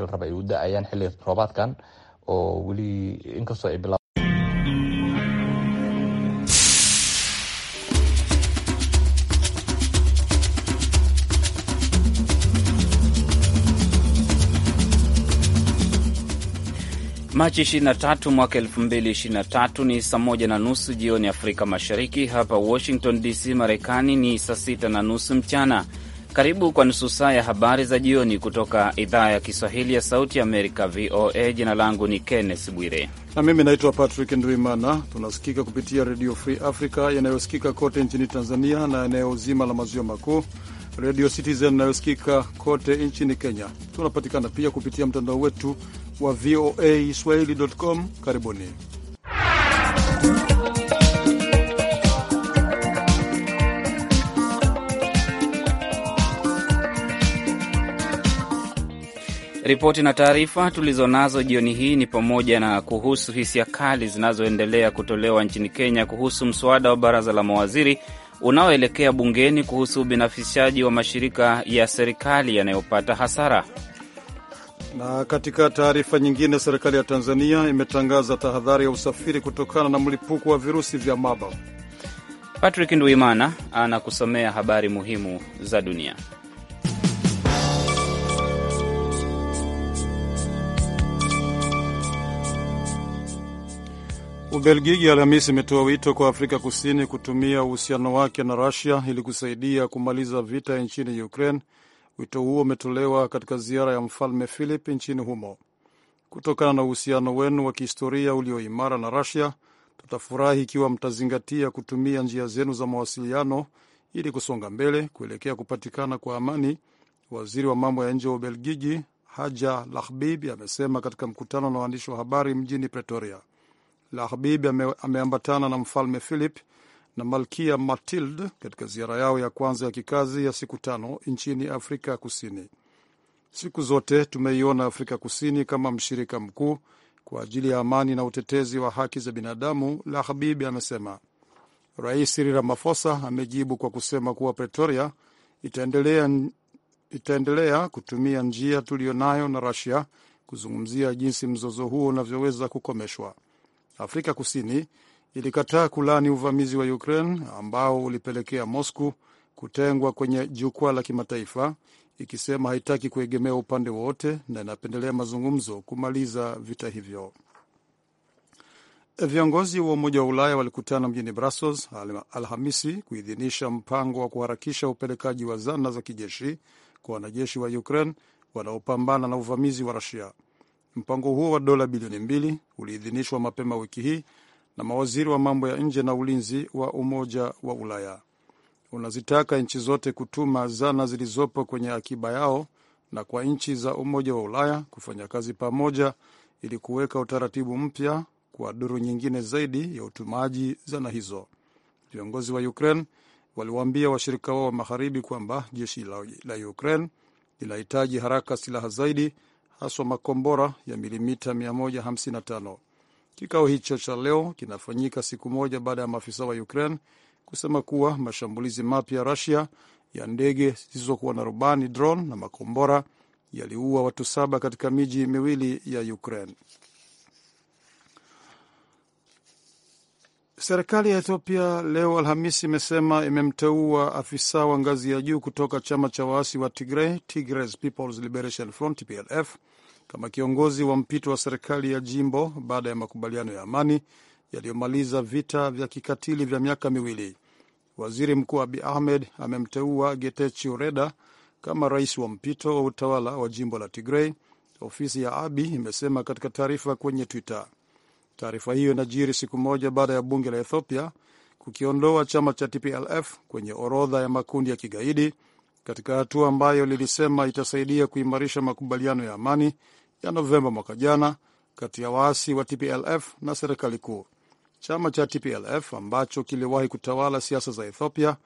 la raba ay u da-ayaan xilli roobaadkan oo weli inkastoo ay bila Machi 23 mwaka 2023 ni saa moja na nusu jioni Afrika Mashariki. Hapa Washington DC, Marekani ni saa sita na nusu mchana. Karibu kwa nusu saa ya habari za jioni kutoka idhaa ya Kiswahili ya Sauti ya Amerika, VOA. Jina langu ni Kenneth Bwire na mimi naitwa Patrick Ndwimana. Tunasikika kupitia Redio Free Africa yanayosikika kote nchini Tanzania na eneo zima la maziwa makuu, Redio Citizen inayosikika kote nchini Kenya. Tunapatikana pia kupitia mtandao wetu wa VOA swahili.com. Karibuni. Ripoti na taarifa tulizonazo jioni hii ni pamoja na kuhusu hisia kali zinazoendelea kutolewa nchini Kenya kuhusu mswada wa baraza la mawaziri unaoelekea bungeni kuhusu ubinafishaji wa mashirika ya serikali yanayopata hasara. Na katika taarifa nyingine, serikali ya Tanzania imetangaza tahadhari ya usafiri kutokana na mlipuko wa virusi vya Marburg. Patrick nduimana anakusomea habari muhimu za dunia. Ubelgiji Alhamisi imetoa wito kwa Afrika Kusini kutumia uhusiano wake na Rusia ili kusaidia kumaliza vita nchini Ukraine. Wito huo umetolewa katika ziara ya Mfalme Philip nchini humo. Kutokana na uhusiano wenu wa kihistoria ulioimara na Rusia, tutafurahi ikiwa mtazingatia kutumia njia zenu za mawasiliano ili kusonga mbele kuelekea kupatikana kwa amani, waziri wa mambo ya nje wa Ubelgiji Haja Lahbib amesema katika mkutano na waandishi wa habari mjini Pretoria la ame, ameambatana na mfalme Philip na malkia Matilde katika ziara yao ya kwanza ya kikazi ya siku tano nchini Afrika Kusini. Siku zote tumeiona Afrika Kusini kama mshirika mkuu kwa ajili ya amani na utetezi wa haki za binadamu, la Habibi amesema. Rais Cyril Ramaphosa amejibu kwa kusema kuwa Pretoria itaendelea, itaendelea kutumia njia tuliyonayo na Russia kuzungumzia jinsi mzozo huo unavyoweza kukomeshwa. Afrika Kusini ilikataa kulani uvamizi wa Ukraine ambao ulipelekea Moscow kutengwa kwenye jukwaa la kimataifa, ikisema haitaki kuegemea upande wowote na inapendelea mazungumzo kumaliza vita hivyo. Viongozi wa Umoja wa Ulaya walikutana mjini Brussels Alhamisi kuidhinisha mpango wa kuharakisha upelekaji wa zana za kijeshi kwa wanajeshi wa Ukraine wanaopambana na uvamizi wa rasia Mpango huo wa dola bilioni mbili uliidhinishwa mapema wiki hii na mawaziri wa mambo ya nje na ulinzi wa Umoja wa Ulaya. Unazitaka nchi zote kutuma zana zilizopo kwenye akiba yao na kwa nchi za Umoja wa Ulaya kufanya kazi pamoja ili kuweka utaratibu mpya kwa duru nyingine zaidi ya utumaji zana hizo. Viongozi wa Ukraine waliwaambia washirika wao wa magharibi kwamba jeshi la Ukraine linahitaji haraka silaha zaidi haswa makombora ya milimita 155. Kikao hicho cha leo kinafanyika siku moja baada ya maafisa wa Ukraine kusema kuwa mashambulizi mapya ya Rusia ya ndege zisizokuwa na rubani drone na makombora yaliua watu saba katika miji miwili ya Ukraine. Serikali ya Ethiopia leo Alhamisi imesema imemteua afisa wa ngazi ya juu kutoka chama cha waasi wa Tigray, Tigray People's Liberation Front, TPLF, kama kiongozi wa mpito wa serikali ya jimbo baada ya makubaliano ya amani yaliyomaliza vita vya kikatili vya miaka miwili. Waziri Mkuu Abi Ahmed amemteua Getachew Reda kama rais wa mpito wa utawala wa jimbo la Tigrei, ofisi ya Abi imesema katika taarifa kwenye Twitter. Taarifa hiyo inajiri siku moja baada ya bunge la Ethiopia kukiondoa chama cha TPLF kwenye orodha ya makundi ya kigaidi katika hatua ambayo lilisema itasaidia kuimarisha makubaliano ya amani ya Novemba mwaka jana kati ya waasi wa TPLF na serikali kuu. Chama cha TPLF ambacho kiliwahi kutawala siasa za Ethiopia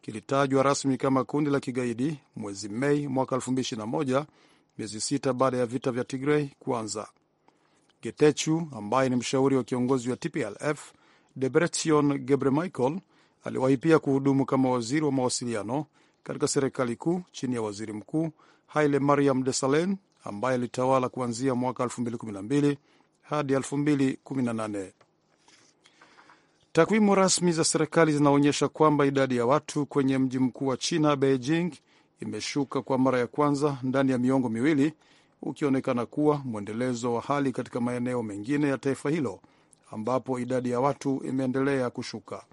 kilitajwa rasmi kama kundi la kigaidi mwezi Mei mwaka 2021, miezi sita baada ya vita vya Tigrei kuanza. Getechu ambaye ni mshauri wa kiongozi wa TPLF Debretsion Gebremichael aliwahi pia kuhudumu kama waziri wa mawasiliano katika serikali kuu chini ya waziri mkuu Haile Mariam Desalegn ambaye ilitawala kuanzia mwaka 2012 hadi 2018. Takwimu rasmi za serikali zinaonyesha kwamba idadi ya watu kwenye mji mkuu wa China, Beijing, imeshuka kwa mara ya kwanza ndani ya miongo miwili, ukionekana kuwa mwendelezo wa hali katika maeneo mengine ya taifa hilo ambapo idadi ya watu imeendelea kushuka.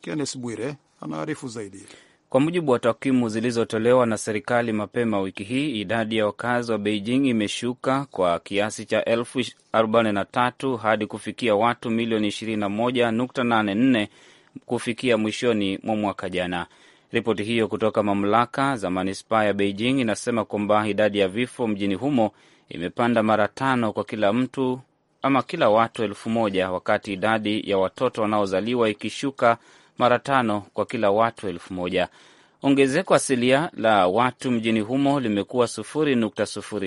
Kennes Bwire anaarifu zaidi. Kwa mujibu wa takwimu zilizotolewa na serikali mapema wiki hii, idadi ya wakazi wa Beijing imeshuka kwa kiasi cha elfu 43 hadi kufikia watu milioni 21.84 kufikia mwishoni mwa mwaka jana. Ripoti hiyo kutoka mamlaka za manispaa ya Beijing inasema kwamba idadi ya vifo mjini humo imepanda mara tano kwa kila mtu ama kila watu elfu moja wakati idadi ya watoto wanaozaliwa ikishuka mara tano kwa kila watu elfu moja. Ongezeko asilia la watu mjini humo limekuwa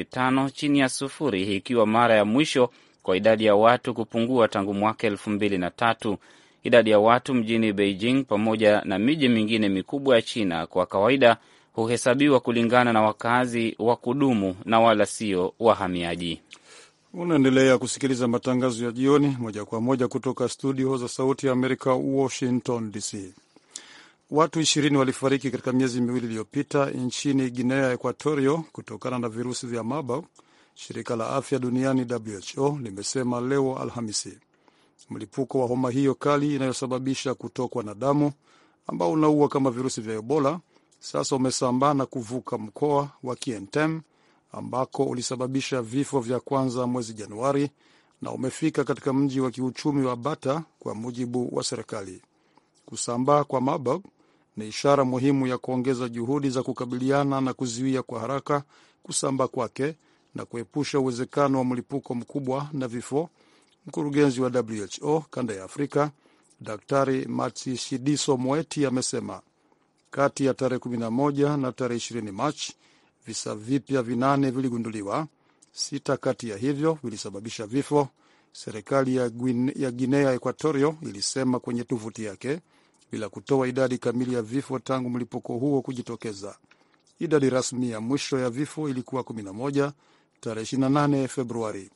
tano chini ya sufuri, ikiwa mara ya mwisho kwa idadi ya watu kupungua tangu mwaka elfu mbili na tatu. Idadi ya watu mjini Beijing pamoja na miji mingine mikubwa ya China kwa kawaida huhesabiwa kulingana na wakazi wa kudumu na wala sio wahamiaji. Unaendelea kusikiliza matangazo ya jioni moja kwa moja kutoka studio za Sauti ya Amerika, Washington DC. Watu ishirini walifariki katika miezi miwili iliyopita nchini Guinea Equatorio kutokana na virusi vya Marburg, shirika la afya duniani WHO limesema leo Alhamisi. Mlipuko wa homa hiyo kali inayosababisha kutokwa na damu ambao unaua kama virusi vya Ebola sasa umesambaa na kuvuka mkoa wa Kientem ambako ulisababisha vifo vya kwanza mwezi Januari na umefika katika mji wa kiuchumi wa Bata kwa mujibu wa serikali. Kusambaa kwa Marburg ni ishara muhimu ya kuongeza juhudi za kukabiliana na kuzuia kwa haraka kusambaa kwake na kuepusha uwezekano wa mlipuko mkubwa na vifo, mkurugenzi wa WHO kanda ya Afrika Daktari Matshidiso Moeti amesema. Kati ya tarehe 11 na tarehe 20 Machi visa vipya vinane viligunduliwa. Sita kati ya hivyo vilisababisha vifo, serikali ya, ya Guinea Equatorio ilisema kwenye tovuti yake, bila kutoa idadi kamili ya vifo tangu mlipuko huo kujitokeza. Idadi rasmi ya mwisho ya vifo ilikuwa 11 tarehe 28 Februari.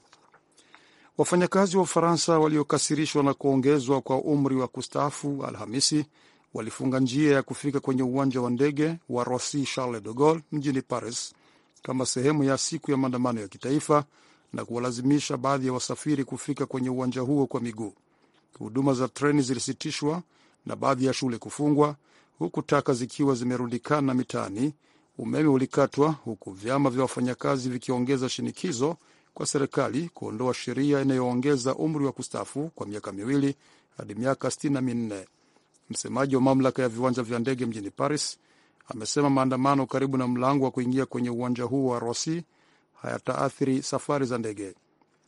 Wafanyakazi wa Ufaransa waliokasirishwa na kuongezwa kwa umri wa kustaafu Alhamisi walifunga njia ya kufika kwenye uwanja wa ndege wa Roissy Charles de Gaulle mjini Paris kama sehemu ya siku ya maandamano ya kitaifa na kuwalazimisha baadhi ya wasafiri kufika kwenye uwanja huo kwa miguu. Huduma za treni zilisitishwa na baadhi ya shule kufungwa, huku taka zikiwa zimerundikana mitaani. Umeme ulikatwa, huku vyama vya wafanyakazi vikiongeza shinikizo kwa serikali kuondoa sheria inayoongeza umri wa kustaafu kwa miaka miwili hadi miaka sitini na minne. Msemaji wa mamlaka ya viwanja vya ndege mjini Paris amesema maandamano karibu na mlango wa kuingia kwenye uwanja huo wa Rosi hayataathiri safari za ndege.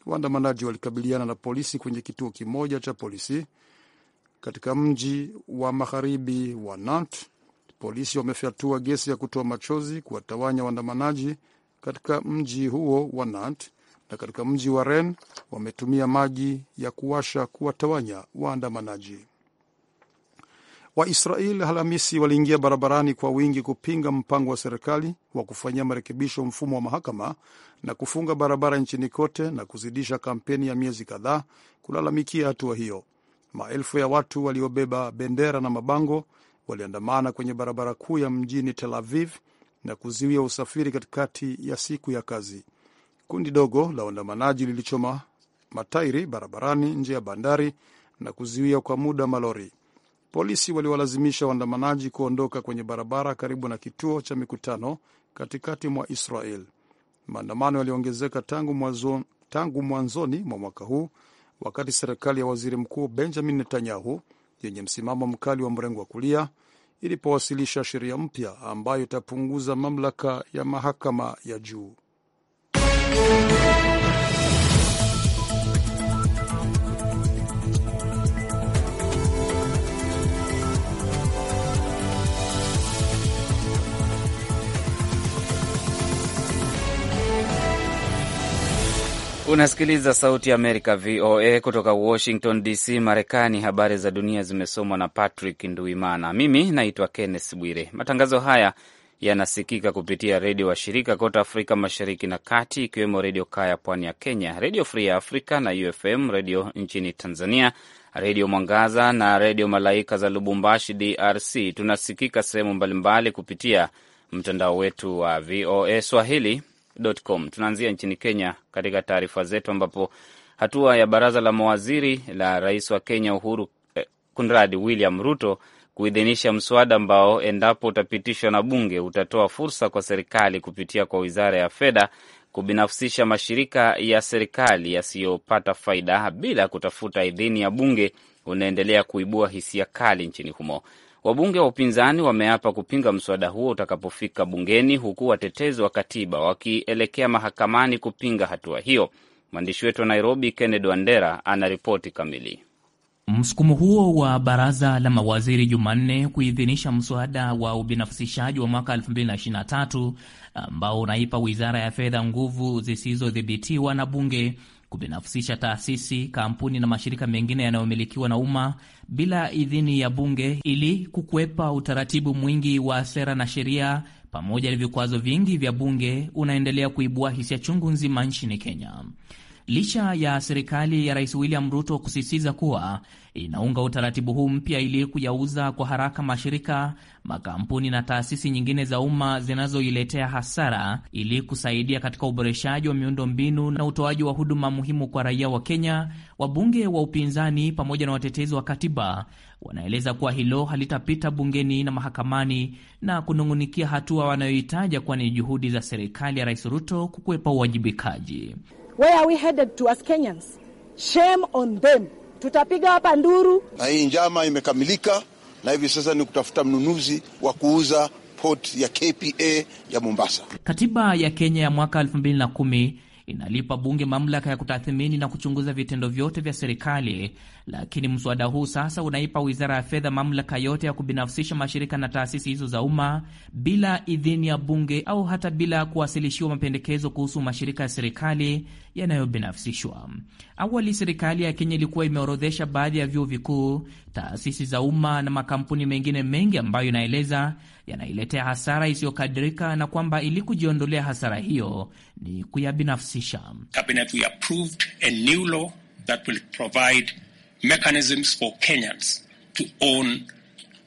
Waandamanaji walikabiliana na polisi kwenye kituo kimoja cha polisi katika mji wa magharibi wa Nantes. Polisi wamefyatua gesi ya kutoa machozi kuwatawanya waandamanaji katika mji huo wa Nantes, na katika mji wa Rennes wametumia maji ya kuwasha kuwatawanya waandamanaji waisrael Alhamisi waliingia barabarani kwa wingi kupinga mpango wa serikali wa kufanyia marekebisho mfumo wa mahakama na kufunga barabara nchini kote na kuzidisha kampeni ya miezi kadhaa kulalamikia hatua hiyo. Maelfu ya watu waliobeba bendera na mabango waliandamana kwenye barabara kuu ya mjini Tel Aviv na kuziwia usafiri katikati ya siku ya kazi. Kundi dogo la waandamanaji lilichoma matairi barabarani nje ya bandari na kuziwia kwa muda malori. Polisi waliwalazimisha waandamanaji kuondoka kwenye barabara karibu na kituo cha mikutano katikati mwa Israel. Maandamano yaliongezeka tangu mwanzoni tangu mwanzoni mwa mwaka huu wakati serikali ya waziri mkuu Benjamin Netanyahu yenye msimamo mkali wa mrengo wa kulia ilipowasilisha sheria mpya ambayo itapunguza mamlaka ya mahakama ya juu. Unasikiliza Sauti ya Amerika, VOA, kutoka Washington DC, Marekani. Habari za dunia zimesomwa na Patrick Nduimana. Mimi naitwa Kenneth Bwire. Matangazo haya yanasikika kupitia redio washirika kote Afrika Mashariki na Kati, ikiwemo Redio Kaya pwani ya Kenya, Redio Free ya Afrika na UFM Redio nchini Tanzania, Redio Mwangaza na Redio Malaika za Lubumbashi, DRC. Tunasikika sehemu mbalimbali kupitia mtandao wetu wa VOA Swahili com. Tunaanzia nchini Kenya katika taarifa zetu, ambapo hatua ya baraza la mawaziri la rais wa Kenya Uhuru eh, kunradi William Ruto kuidhinisha mswada ambao endapo utapitishwa na bunge utatoa fursa kwa serikali kupitia kwa wizara ya fedha kubinafsisha mashirika ya serikali yasiyopata faida bila kutafuta idhini ya bunge unaendelea kuibua hisia kali nchini humo. Wabunge wa upinzani wameapa kupinga mswada huo utakapofika bungeni, huku watetezi wa katiba wakielekea mahakamani kupinga hatua hiyo. Mwandishi wetu wa Nairobi, Kennedy Wandera, ana ripoti kamili. Msukumo huo wa baraza la mawaziri Jumanne kuidhinisha mswada wa ubinafsishaji wa mwaka 2023 ambao unaipa wizara ya fedha nguvu zisizodhibitiwa na bunge kubinafsisha taasisi, kampuni na mashirika mengine yanayomilikiwa na umma bila idhini ya bunge ili kukwepa utaratibu mwingi wa sera na sheria pamoja na vikwazo vingi vya bunge unaendelea kuibua hisia chungu nzima nchini Kenya licha ya serikali ya Rais William Ruto kusisitiza kuwa inaunga utaratibu huu mpya ili kuyauza kwa haraka mashirika, makampuni na taasisi nyingine za umma zinazoiletea hasara ili kusaidia katika uboreshaji wa miundo mbinu na utoaji wa huduma muhimu kwa raia wa Kenya, wabunge wa upinzani pamoja na watetezi wa katiba wanaeleza kuwa hilo halitapita bungeni na mahakamani na kunung'unikia hatua wanayohitaja kuwa ni juhudi za serikali ya Rais Ruto kukwepa uwajibikaji. Where are we headed to as Kenyans? Shame on them. Tutapiga hapa nduru. Na hii njama imekamilika, na hivi sasa ni kutafuta mnunuzi wa kuuza port ya KPA ya Mombasa. Katiba ya Kenya ya mwaka 2010 inalipa bunge mamlaka ya kutathmini na kuchunguza vitendo vyote vya serikali lakini mswada huu sasa unaipa wizara ya fedha mamlaka yote ya kubinafsisha mashirika na taasisi hizo za umma bila idhini ya bunge au hata bila kuwasilishiwa mapendekezo kuhusu mashirika ya serikali yanayobinafsishwa. Awali serikali ya Kenya ilikuwa imeorodhesha baadhi ya vyuo vikuu, taasisi za umma na makampuni mengine mengi ambayo inaeleza yanailetea hasara isiyokadirika na kwamba ili kujiondolea hasara hiyo ni kuyabinafsisha. Cabinet, we approved a new law that will provide mechanisms for Kenyans to own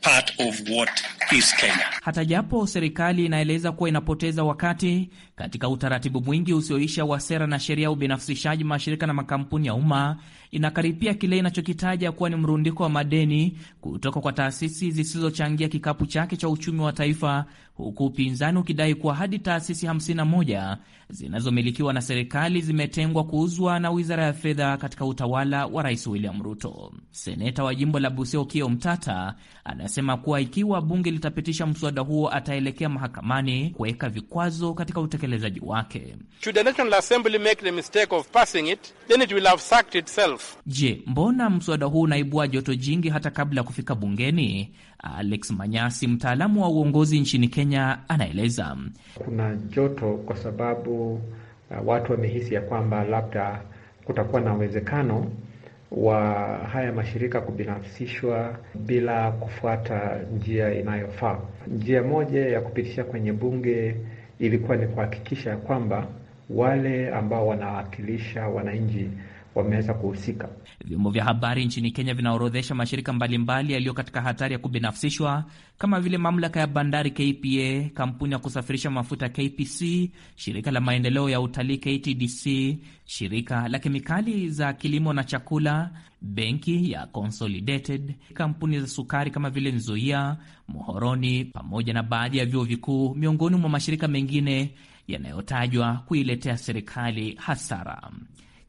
part of what is Kenya. Hata japo serikali inaeleza kuwa inapoteza wakati katika utaratibu mwingi usioisha wa sera na sheria ya ubinafsishaji mashirika na makampuni ya umma, inakaripia kile inachokitaja kuwa ni mrundiko wa madeni kutoka kwa taasisi zisizochangia kikapu chake cha uchumi wa taifa huku upinzani ukidai kuwa hadi taasisi 51 zinazomilikiwa na serikali zimetengwa kuuzwa na wizara ya fedha katika utawala wa Rais William Ruto. Seneta wa jimbo la Busia Okiya Omtata anasema kuwa ikiwa bunge litapitisha mswada huo ataelekea mahakamani kuweka vikwazo katika utekelezaji wake. Je, mbona mswada huu unaibua joto jingi hata kabla ya kufika bungeni? Alex Manyasi, mtaalamu wa uongozi nchini Kenya, anaeleza. Kuna joto kwa sababu uh, watu wamehisi ya kwamba labda kutakuwa na uwezekano wa haya mashirika kubinafsishwa bila kufuata njia inayofaa. Njia moja ya kupitisha kwenye bunge ilikuwa ni kuhakikisha kwamba wale ambao wanawakilisha wananchi wameweza kuhusika. Vyombo vya habari nchini Kenya vinaorodhesha mashirika mbalimbali yaliyo katika hatari ya kubinafsishwa kama vile mamlaka ya bandari KPA, kampuni ya kusafirisha mafuta KPC, shirika la maendeleo ya utalii KTDC, shirika la kemikali za kilimo na chakula, benki ya Consolidated, kampuni za sukari kama vile Nzoia, mohoroni pamoja na baadhi ya vyuo vikuu, miongoni mwa mashirika mengine yanayotajwa kuiletea serikali hasara.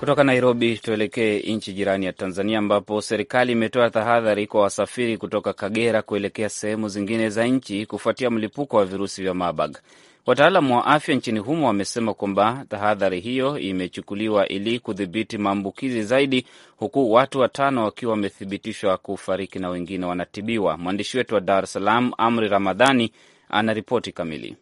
Kutoka Nairobi tuelekee nchi jirani ya Tanzania, ambapo serikali imetoa tahadhari kwa wasafiri kutoka Kagera kuelekea sehemu zingine za nchi kufuatia mlipuko wa virusi vya Marburg. Wataalamu wa afya nchini humo wamesema kwamba tahadhari hiyo imechukuliwa ili kudhibiti maambukizi zaidi, huku watu watano wakiwa wamethibitishwa kufariki na wengine wanatibiwa. Mwandishi wetu wa Dar es Salaam, Amri Ramadhani, ana ripoti kamili.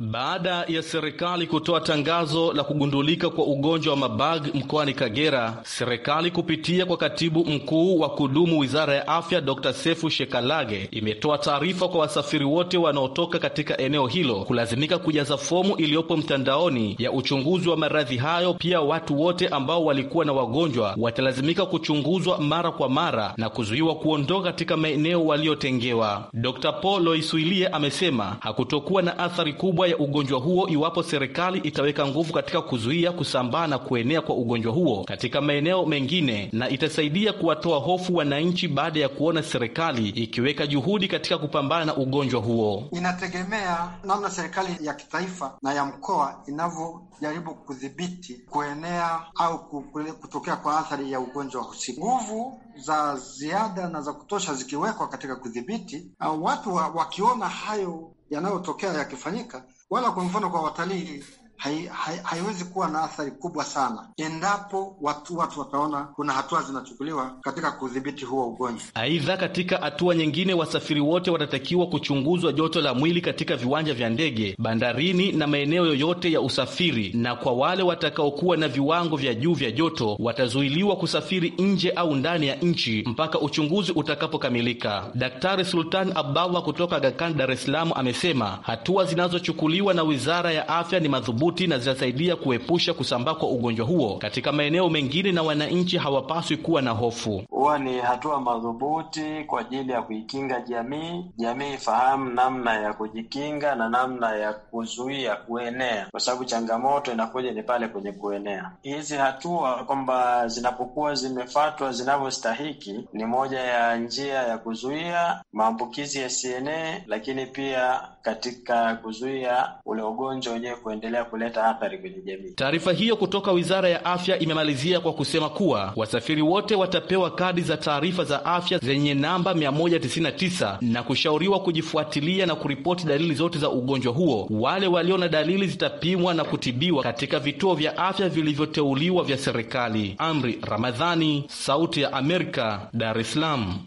Baada ya serikali kutoa tangazo la kugundulika kwa ugonjwa wa mabag mkoani Kagera, serikali kupitia kwa katibu mkuu wa kudumu wizara ya afya Dr Sefu Shekalage imetoa taarifa kwa wasafiri wote wanaotoka katika eneo hilo kulazimika kujaza fomu iliyopo mtandaoni ya uchunguzi wa maradhi hayo. Pia watu wote ambao walikuwa na wagonjwa watalazimika kuchunguzwa mara kwa mara na kuzuiwa kuondoka katika maeneo waliotengewa. Dr Paul Loisuilie amesema hakutokuwa na athari kubwa ya ugonjwa huo iwapo serikali itaweka nguvu katika kuzuia kusambaa na kuenea kwa ugonjwa huo katika maeneo mengine, na itasaidia kuwatoa hofu wananchi baada ya kuona serikali ikiweka juhudi katika kupambana na ugonjwa huo. Inategemea namna serikali ya kitaifa na ya mkoa inavyojaribu kudhibiti kuenea au kutokea kwa athari ya ugonjwa husika. Nguvu za ziada na za kutosha zikiwekwa katika kudhibiti, au watu wakiona hayo yanayotokea yakifanyika wala kwa mfano kwa watalii haiwezi hai, haiwezi kuwa na athari kubwa sana endapo watu watu wataona kuna hatua zinachukuliwa katika kudhibiti huo ugonjwa. Aidha, katika hatua nyingine, wasafiri wote watatakiwa kuchunguzwa joto la mwili katika viwanja vya ndege, bandarini na maeneo yoyote ya usafiri, na kwa wale watakaokuwa na viwango vya juu vya joto watazuiliwa kusafiri nje au ndani ya nchi mpaka uchunguzi utakapokamilika. Daktari Sultan Abdallah kutoka Gakan, Dar es Salaam, amesema hatua zinazochukuliwa na wizara ya afya ni madhubuti madhubuti na zinasaidia kuepusha kusambaa kwa ugonjwa huo katika maeneo mengine, na wananchi hawapaswi kuwa na hofu. Huwa ni hatua madhubuti kwa ajili ya kuikinga jamii. Jamii ifahamu namna ya kujikinga na namna ya kuzuia kuenea, kwa sababu changamoto inakuja ni pale kwenye kuenea. Hizi hatua kwamba zinapokuwa zimefatwa zinavyostahiki, ni moja ya njia ya kuzuia maambukizi yasienee, lakini pia katika kuzuia ule ugonjwa wenyewe kuendelea kuleta athari kwenye jamii. Taarifa hiyo kutoka Wizara ya Afya imemalizia kwa kusema kuwa wasafiri wote watapewa kadi za taarifa za afya zenye namba 199 na kushauriwa kujifuatilia na kuripoti dalili zote za ugonjwa huo. Wale walio na dalili zitapimwa na kutibiwa katika vituo vya afya vilivyoteuliwa vya serikali. Amri Ramadhani, Sauti ya Amerika, Dar es Salaam.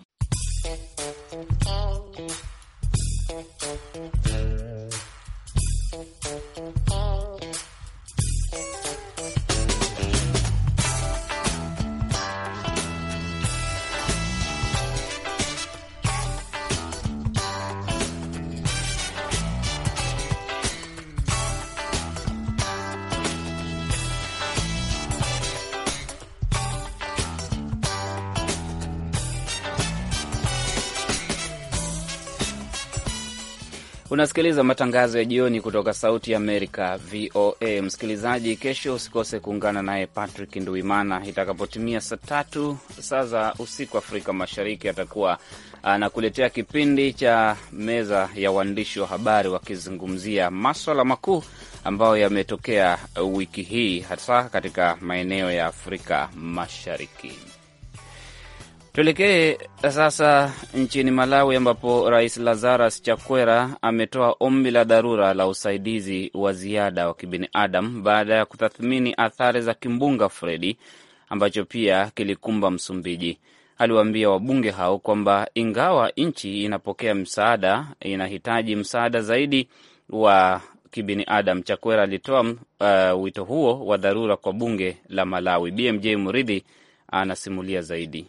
Unasikiliza matangazo ya jioni kutoka Sauti ya Amerika, VOA. Msikilizaji, kesho usikose kuungana naye Patrick Nduimana itakapotimia saa tatu saa za usiku Afrika Mashariki. Atakuwa anakuletea kipindi cha Meza ya Waandishi wa Habari, wakizungumzia maswala makuu ambayo yametokea wiki hii, hasa katika maeneo ya Afrika Mashariki. Tuelekee sasa nchini Malawi ambapo Rais Lazarus Chakwera ametoa ombi la dharura la usaidizi wa ziada wa kibinadamu baada ya kutathmini athari za kimbunga Fredi ambacho pia kilikumba Msumbiji. Aliwaambia wabunge hao kwamba ingawa nchi inapokea msaada, inahitaji msaada zaidi wa kibinadamu. Chakwera alitoa uh, wito huo wa dharura kwa bunge la Malawi. BMJ Muridhi anasimulia zaidi.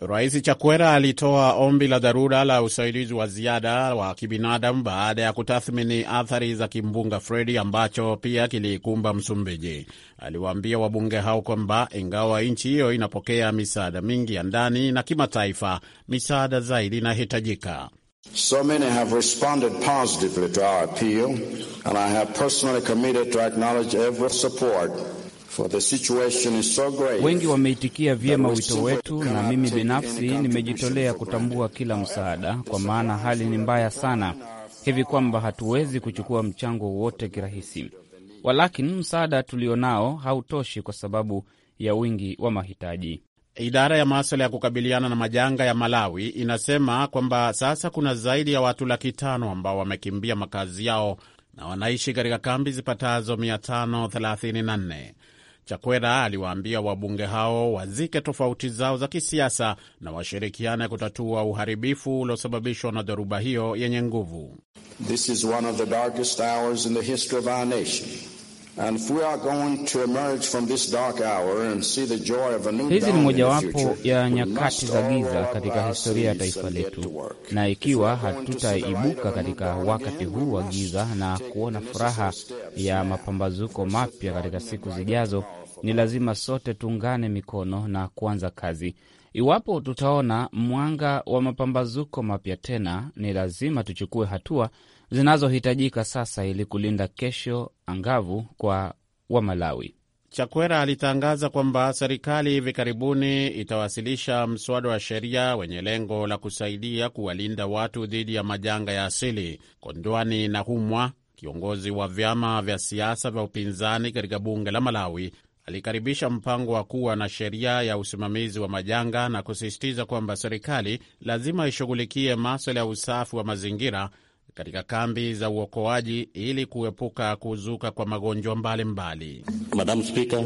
Rais Chakwera alitoa ombi la dharura la usaidizi wa ziada wa kibinadamu baada ya kutathmini athari za kimbunga Fredi ambacho pia kiliikumba Msumbiji. Aliwaambia wabunge hao kwamba ingawa nchi hiyo inapokea misaada mingi ya ndani na kimataifa, misaada zaidi inahitajika. So many have responded positively to our appeal and I have personally committed to acknowledge every support Wengi wameitikia vyema wito wetu, na mimi binafsi nimejitolea kutambua kila msaada, kwa maana hali ni mbaya sana hivi kwamba hatuwezi kuchukua mchango wote kirahisi, walakini msaada tulionao hautoshi kwa sababu ya wingi wa mahitaji. Idara ya maswala ya kukabiliana na majanga ya Malawi inasema kwamba sasa kuna zaidi ya watu laki tano ambao wamekimbia makazi yao na wanaishi katika kambi zipatazo 534. Chakwera aliwaambia wabunge hao wazike tofauti zao za kisiasa na washirikiane kutatua uharibifu uliosababishwa na dhoruba hiyo yenye nguvu. This is one of the darkest hours in the history of our nation. Hizi ni mojawapo ya nyakati za giza katika historia ya taifa letu, na ikiwa hatutaibuka katika wakati huu wa giza na kuona furaha ya mapambazuko mapya katika siku zijazo, ni lazima sote tuungane mikono na kuanza kazi. Iwapo tutaona mwanga wa mapambazuko mapya tena, ni lazima tuchukue hatua zinazohitajika sasa ili kulinda kesho angavu kwa Wamalawi. Chakwera alitangaza kwamba serikali hivi karibuni itawasilisha mswada wa sheria wenye lengo la kusaidia kuwalinda watu dhidi ya majanga ya asili. Kondwani Nahumwa, kiongozi wa vyama vya siasa vya upinzani katika bunge la Malawi, alikaribisha mpango wa kuwa na sheria ya usimamizi wa majanga na kusisitiza kwamba serikali lazima ishughulikie maswala ya usafi wa mazingira katika kambi za uokoaji ili kuepuka kuzuka kwa magonjwa mbalimbali. Madam Speaker,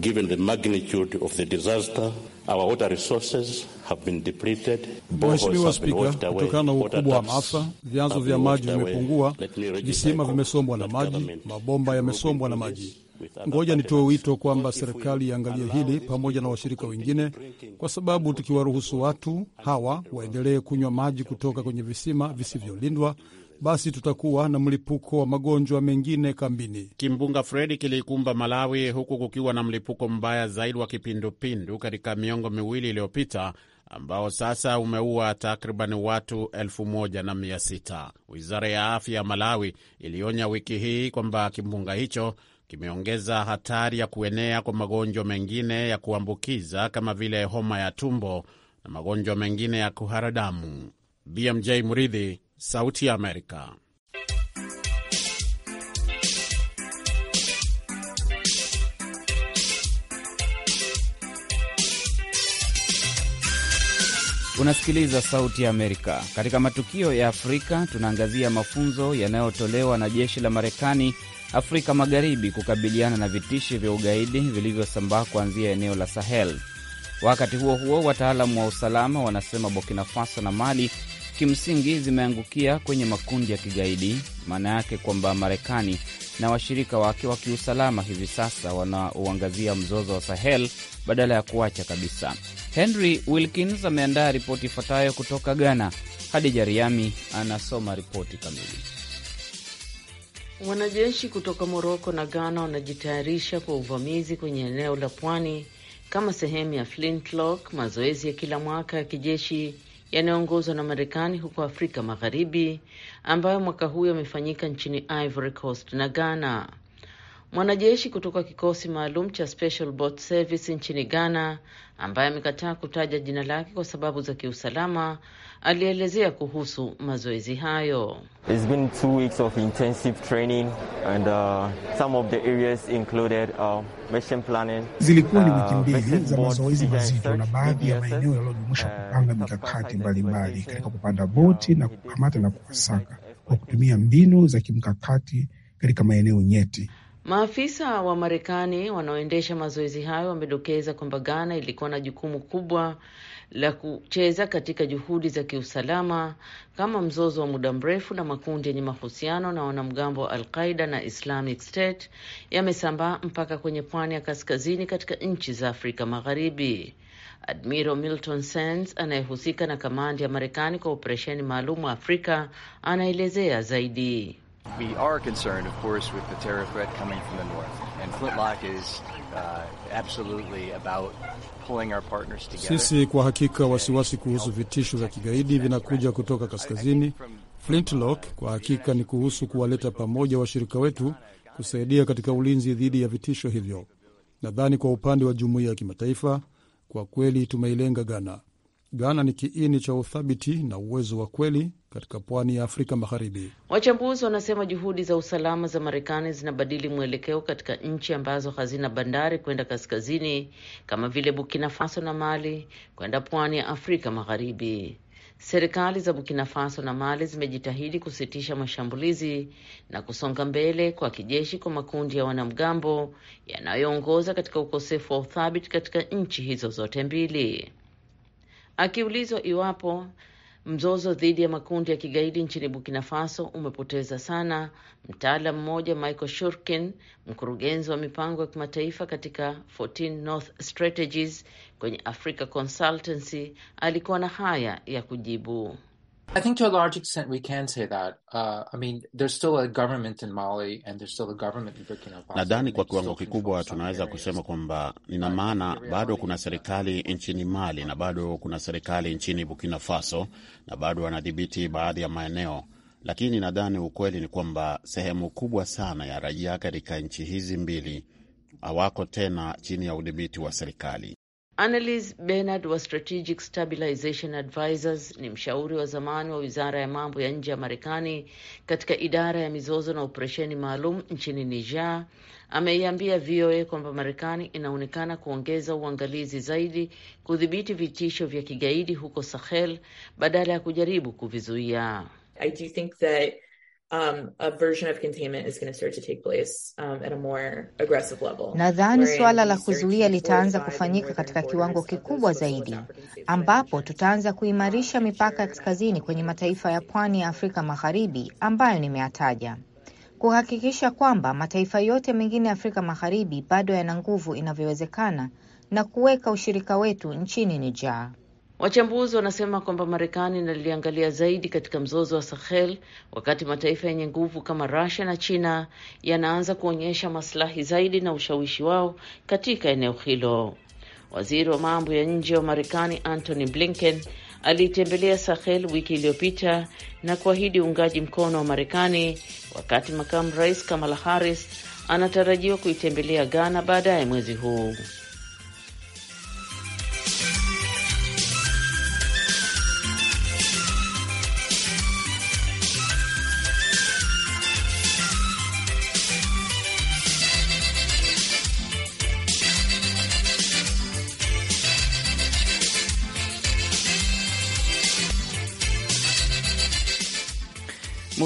given the magnitude of the disaster our water resources have been depleted. Mheshimiwa Spika, kutokana na ukubwa wa maafa, vyanzo vya maji vimepungua, visima vimesombwa na maji, mabomba yamesombwa na maji. Ngoja nitoe wito kwamba serikali iangalie hili pamoja na washirika wengine, kwa sababu tukiwaruhusu watu hawa waendelee kunywa maji kutoka kwenye visima visivyolindwa basi tutakuwa na mlipuko wa magonjwa mengine kambini. Kimbunga Fredi kiliikumba Malawi huku kukiwa na mlipuko mbaya zaidi wa kipindupindu katika miongo miwili iliyopita ambao sasa umeua takriban watu elfu moja na mia sita. Wizara ya afya ya Malawi ilionya wiki hii kwamba kimbunga hicho kimeongeza hatari ya kuenea kwa magonjwa mengine ya kuambukiza kama vile homa ya tumbo na magonjwa mengine ya kuharadamu. BMJ Muridhi, Sauti ya Amerika. Unasikiliza Sauti ya Amerika. Katika matukio ya Afrika, tunaangazia mafunzo yanayotolewa na jeshi la Marekani Afrika Magharibi kukabiliana na vitishi vya ugaidi vilivyosambaa kuanzia eneo la Sahel. Wakati huo huo, wataalamu wa usalama wanasema Burkina Faso na Mali kimsingi zimeangukia kwenye makundi ya kigaidi, maana yake kwamba Marekani na washirika wake wa kiusalama hivi sasa wanauangazia mzozo wa Sahel badala ya kuacha kabisa. Henry Wilkins ameandaa ripoti ifuatayo kutoka Ghana. Hadija Riami anasoma ripoti kamili. Wanajeshi kutoka Moroko na Ghana wanajitayarisha kwa uvamizi kwenye eneo la pwani kama sehemu ya Flintlock, mazoezi ya kila mwaka ya kijeshi yanayoongozwa na Marekani huko Afrika Magharibi ambayo mwaka huu yamefanyika nchini Ivory Coast na Ghana mwanajeshi kutoka kikosi maalum cha Special Boat Service nchini Ghana ambaye amekataa kutaja jina lake kwa sababu za kiusalama alielezea kuhusu mazoezi hayo. It's been two weeks of intensive training and uh, some of the areas included uh, mission planning. Zilikuwa ni wiki uh, mbili za mazoezi mazito na baadhi ya maeneo yaliyojumuisha uh, kupanga mikakati mbalimbali katika kupanda boti na uh, kukamata na kuwasaka kwa kutumia mbinu za kimkakati katika maeneo nyeti. Maafisa wa Marekani wanaoendesha mazoezi hayo wamedokeza kwamba Ghana ilikuwa na jukumu kubwa la kucheza katika juhudi za kiusalama kama mzozo wa muda mrefu na makundi yenye mahusiano na wanamgambo wa Al-Qaida na Islamic State yamesambaa mpaka kwenye pwani ya kaskazini katika nchi za Afrika Magharibi. Admiral Milton Sands anayehusika na kamandi ya Marekani kwa operesheni maalum wa Afrika anaelezea zaidi. We are concerned, of course, with the terror threat coming from the north. And Flintlock is uh, absolutely about pulling our partners together. Sisi kwa hakika wasiwasi kuhusu vitisho vya kigaidi vinakuja kutoka kaskazini. Flintlock kwa hakika ni kuhusu kuwaleta pamoja washirika wetu kusaidia katika ulinzi dhidi ya vitisho hivyo. Nadhani kwa upande wa jumuiya ya kimataifa, kwa kweli tumeilenga Ghana. Ghana ni kiini cha uthabiti na uwezo wa kweli katika pwani ya Afrika Magharibi. Wachambuzi wanasema juhudi za usalama za Marekani zinabadili mwelekeo katika nchi ambazo hazina bandari kwenda kaskazini kama vile Burkina Faso na Mali kwenda pwani ya Afrika Magharibi. Serikali za Burkina Faso na Mali zimejitahidi kusitisha mashambulizi na kusonga mbele kwa kijeshi kwa makundi ya wanamgambo yanayoongoza katika ukosefu wa uthabiti katika nchi hizo zote mbili. Akiulizwa iwapo Mzozo dhidi ya makundi ya kigaidi nchini Burkina Faso umepoteza sana. mtaalam mmoja Michael Shurkin, mkurugenzi wa mipango ya kimataifa katika 14 North Strategies kwenye Africa Consultancy, alikuwa na haya ya kujibu. I think to a large extent we can say that. Uh, I mean, there's still a government in Mali and there's still a government in Burkina Faso. Nadhani kwa kiwango kikubwa tunaweza kusema kwamba ina maana bado kuna serikali nchini Mali na bado kuna serikali nchini Burkina Faso na bado wanadhibiti baadhi ya maeneo, lakini nadhani ukweli ni kwamba sehemu kubwa sana ya raia katika nchi hizi mbili hawako tena chini ya udhibiti wa serikali. Annelies Bernard wa Strategic Stabilization Advisors ni mshauri wa zamani wa wizara ya mambo ya nje ya Marekani katika idara ya mizozo na operesheni maalum nchini Niger ameiambia VOA kwamba Marekani inaonekana kuongeza uangalizi zaidi kudhibiti vitisho vya kigaidi huko Sahel badala ya kujaribu kuvizuia. I do think that Um, a version of containment is going to start to take place, um, at a more aggressive level. Nadhani suala la kuzuia litaanza kufanyika katika kiwango kikubwa zaidi, ambapo tutaanza um, kuimarisha mipaka ya kaskazini kwenye mataifa ya pwani ya Afrika Magharibi ambayo nimeyataja, kuhakikisha kwamba mataifa yote mengine ya Afrika Magharibi bado yana nguvu inavyowezekana na kuweka ushirika wetu nchini Niger. Wachambuzi wanasema kwamba Marekani inaliangalia zaidi katika mzozo wa Sahel wakati mataifa yenye nguvu kama Russia na China yanaanza kuonyesha maslahi zaidi na ushawishi wao katika eneo hilo. Waziri wa mambo ya nje wa Marekani Antony Blinken aliitembelea Sahel wiki iliyopita na kuahidi uungaji mkono wa Marekani, wakati makamu rais Kamala Harris anatarajiwa kuitembelea Ghana baadaye mwezi huu.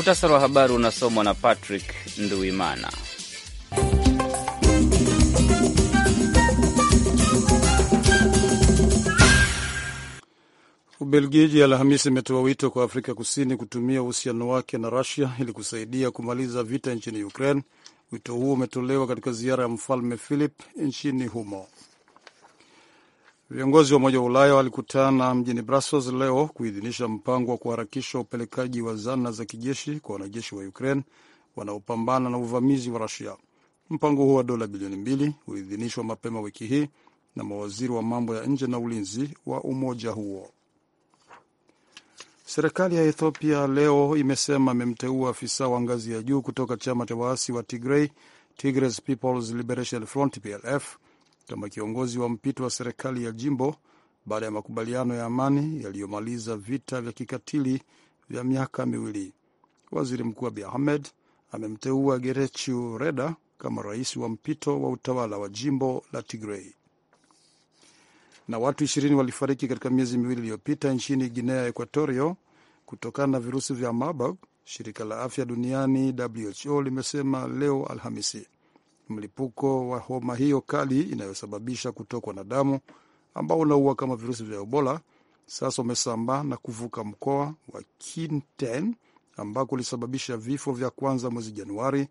Muhtasari wa habari unasomwa na Patrick Nduimana. Ubelgiji Alhamisi imetoa wito kwa Afrika Kusini kutumia uhusiano wake na Rusia ili kusaidia kumaliza vita nchini Ukraine. Wito huo umetolewa katika ziara ya mfalme Philip nchini humo. Viongozi wa Umoja wa Ulaya walikutana mjini Brussels leo kuidhinisha mpango wa kuharakisha upelekaji wa zana za kijeshi kwa wanajeshi wa Ukraine wanaopambana na uvamizi wa Rusia. Mpango huo wa dola bilioni mbili uliidhinishwa mapema wiki hii na mawaziri wa mambo ya nje na ulinzi wa umoja huo. Serikali ya Ethiopia leo imesema imemteua afisa wa ngazi ya juu kutoka chama cha waasi wa tigrey Tigray People's Liberation Front, TPLF, kama kiongozi wa mpito wa serikali ya jimbo baada ya makubaliano ya amani yaliyomaliza vita vya kikatili vya miaka miwili. Waziri Mkuu Abiy Ahmed amemteua Gerechu Reda kama rais wa mpito wa utawala wa jimbo la tigrey Na watu ishirini walifariki katika miezi miwili iliyopita nchini Guinea Equatorio kutokana na virusi vya Marburg, shirika la afya duniani WHO limesema leo Alhamisi mlipuko wa homa hiyo kali inayosababisha kutokwa na damu ambao unaua kama virusi vya Ebola sasa umesambaa na kuvuka mkoa wa Kinten ambako ulisababisha vifo vya kwanza mwezi Januari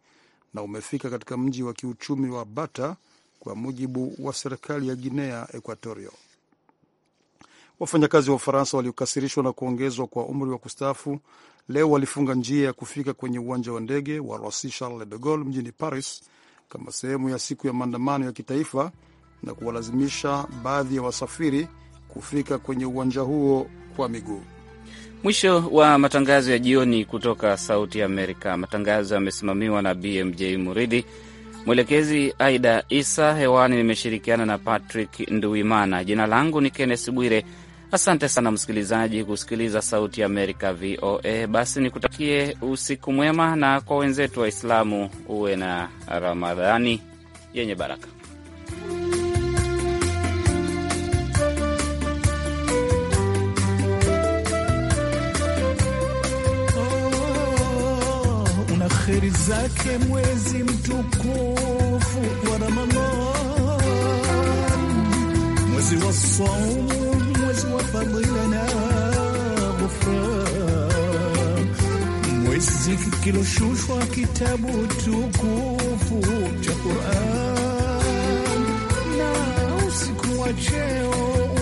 na umefika katika mji wa kiuchumi wa Bata kwa mujibu wa serikali ya Guinea Equatorio. Wafanyakazi wa Ufaransa waliokasirishwa na kuongezwa kwa umri wa kustaafu leo walifunga njia ya kufika kwenye uwanja wa ndege wa Roissy Charles de Gaulle mjini Paris kama sehemu ya siku ya maandamano ya kitaifa na kuwalazimisha baadhi ya wasafiri kufika kwenye uwanja huo kwa miguu. Mwisho wa matangazo ya jioni kutoka Sauti ya Amerika. Matangazo yamesimamiwa na BMJ Muridhi, mwelekezi Aida Isa. Hewani nimeshirikiana na Patrick Nduimana. Jina langu ni kennes Bwire. Asante sana msikilizaji kusikiliza Sauti ya Amerika, VOA. Basi nikutakie usiku mwema, na kwa wenzetu Waislamu uwe na Ramadhani yenye baraka. Oh, zake mwezi mtukufu wa Ramadhani, mwezi wa saumu fadhi lana ghufran, mwezi kiloshushwa kitabu tukufu cha Quran na usiku wa